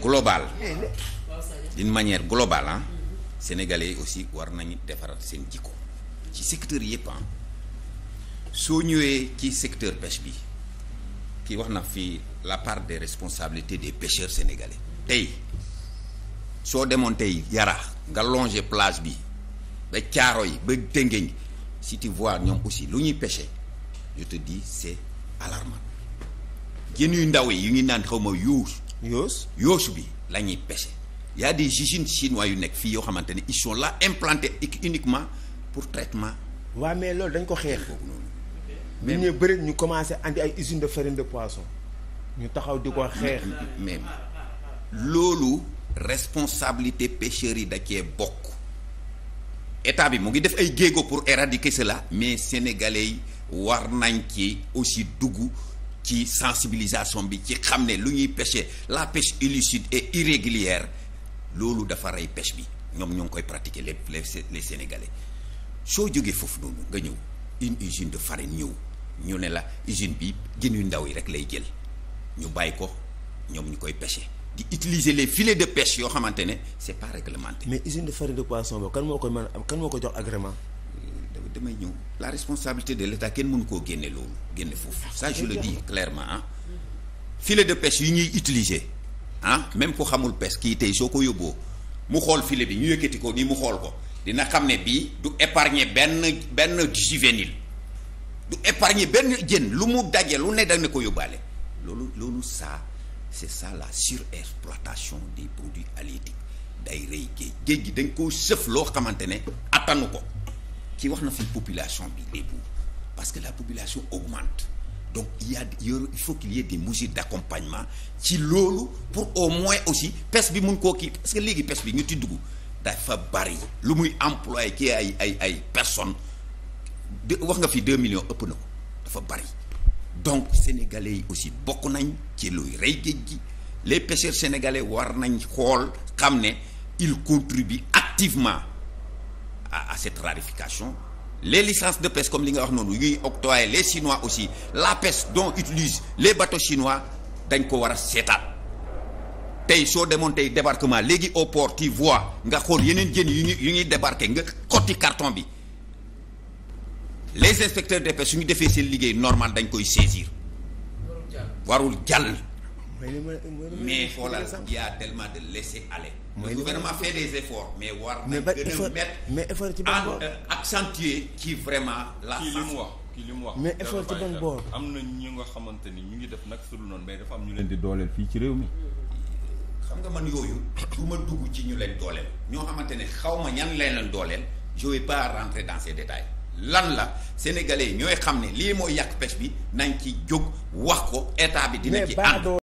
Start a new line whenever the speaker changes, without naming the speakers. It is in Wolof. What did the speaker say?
global d'une manière globale ah sénégalais yi aussi war nañu defaraat seen jikko ci secteur yëpp ah soo ñëwee ci secteur pêche bi ki wax na fii la part des responsabilité des pêcheurs sénégalais tey soo demoon tey yara nga longer plage bi ba caaro yi ba tëngeñ si tu vois ñoom aussi lu ñuy pêcher je te dis c'est alarmant jën yu ndaw yi yu ngi naan xaw ma yuus yoos yoosu bi la ñuy pêcher y a des usines chinois yu nekk fii yoo xamante ne ils sont implanté implantés uniquement pour traitement. waa mais loolu dañ ko xeex. mais ñu bëri ñu commencé andi ay usine de farine de poisson ñu taxaw di ko xeex. même loolu responsabilité pêcheurs yi da cee bokk état bi mu ngi def ay géego pour éradiquer cela mais sénégalais yi war nañ ci aussi dugg ci sensibilisation bi ci xam ne lu ñuy pêcher la pêche illicite et irrégulière loolu dafa rey pêche bi ñoom ñoo ngi koy pratiquer les les les sénégalais soo jógee foofu noonu nga ñëw une usine de farine ñëw ñu ne la usine bi jën yu ndaw yi rek lay jël ñu bàyyi ko ñoom ñu koy pêcher di utiliser les filets de pêche yoo xamante ne c'est pas réglementé. mais usine de farine de poisson boobu kan moo koy mën am kan moo koy jox agrément. damay ñëw la responsabilité de l'État kenn mënu koo génne loolu génne foofu ça je le dis clairement ah de pêche yu ñuy utiliser ah même ku xamul pes kii tey soo ko yóbboo mu xool file bi ñu yëkkati ko nii mu xool ko dina xam ne bii du épargner benn benn juvénile du épargner benn jën lu mu daje lu ne dana ko yóbbaale loolu loolu ça c'est ça la surexploitation des produits halieutiques day rëy géej géej gi dañ ko sëf loo xamante ne attanu ko ci wax na fi population bi début parce que la population augmente donc il y a il faut qu'il y ait des mesures d'accompagnement ci loolu pour au moins aussi pes bi mun ko kii parce que léegi pes bi ñu ci dugg dafa bari lu muy employé ki ay ay ay personnes de wax nga fi deux millions ëpp na ko dafa bari donc sénégalais yi aussi bokk nañ ci luy rey géej gi les pêcheurs sénégalais war nañ xool xam ne ils contribuent activement à, à cette rarification les licences de pêche comme li nga wax noonu yuy octroyer les chinois aussi la pêche don utilisent les bateaux chinois dañ ko war a seetaat tey soo demoon tey débarquement léegi au port tu vois nga xool yeneen jën yu ñu yu ñuy débarqué nga xotti carton bi les inspecteurs de pêche su ñu defee seen liggéey normal dañ koy saisir warul jàll mais xoolal y a tellement de laisser aller. le gouvernement fait des efforts mais war na gën a mettre mais effort ci ban boor ci vraiment la. kii li mu wax li mu wax. mais effort ci ban boor am na ñu nga xamante ni ñu ngi def nag sulu noonu mais dafa am ñu leen di dooleel fii ci réew mi. xam nga man yooyu du ma dugg ci ñu leen dooleel ñoo xamante ne xaw ma ñan leen leen dooleel je vais pas rentrer dans ces détails lan la sénégalais ñooy xam ne lii mooy yàq pêche bi nañ ci jóg wax ko état bi di